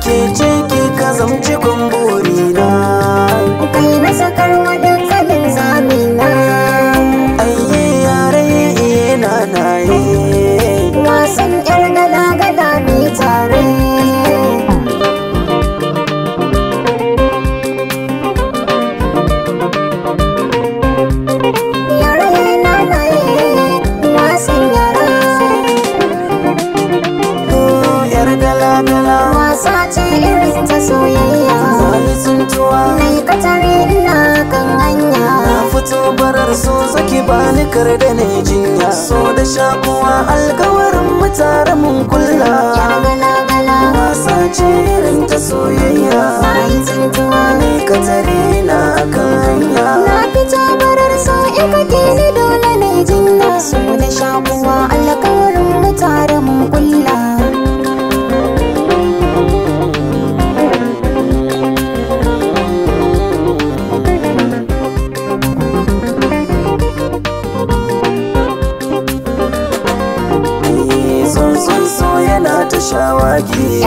ke ce ki ka ba ni ne jinya so da shakuwa alkawarin mu mun kulla wasa ce irin ta soyayya ne ka tare na kan hanya shawaki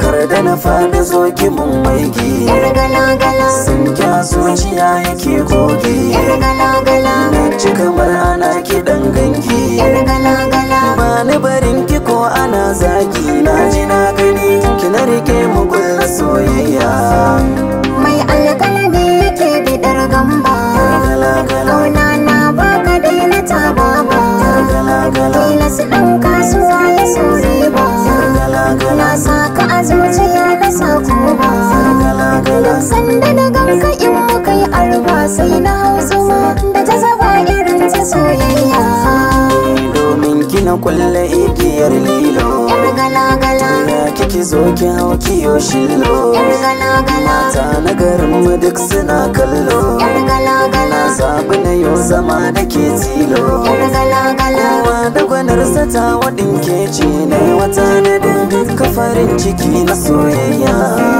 Kar da na fada zo ki mun sanda da ganka imo kai arba sai na hausa zuma da jazaba irin ta soyayya domin kina kulle igiyar lilo yar galagala. ya kike zo ki hau kiyo shillo yar gala-gala na garin mu duk suna kallo yar galagala. gala zaɓi na yau zama da ke tilo yar galagala. kowa da gwanarsa ta waɗin ke ce ne wata na duk farin ciki na soyayya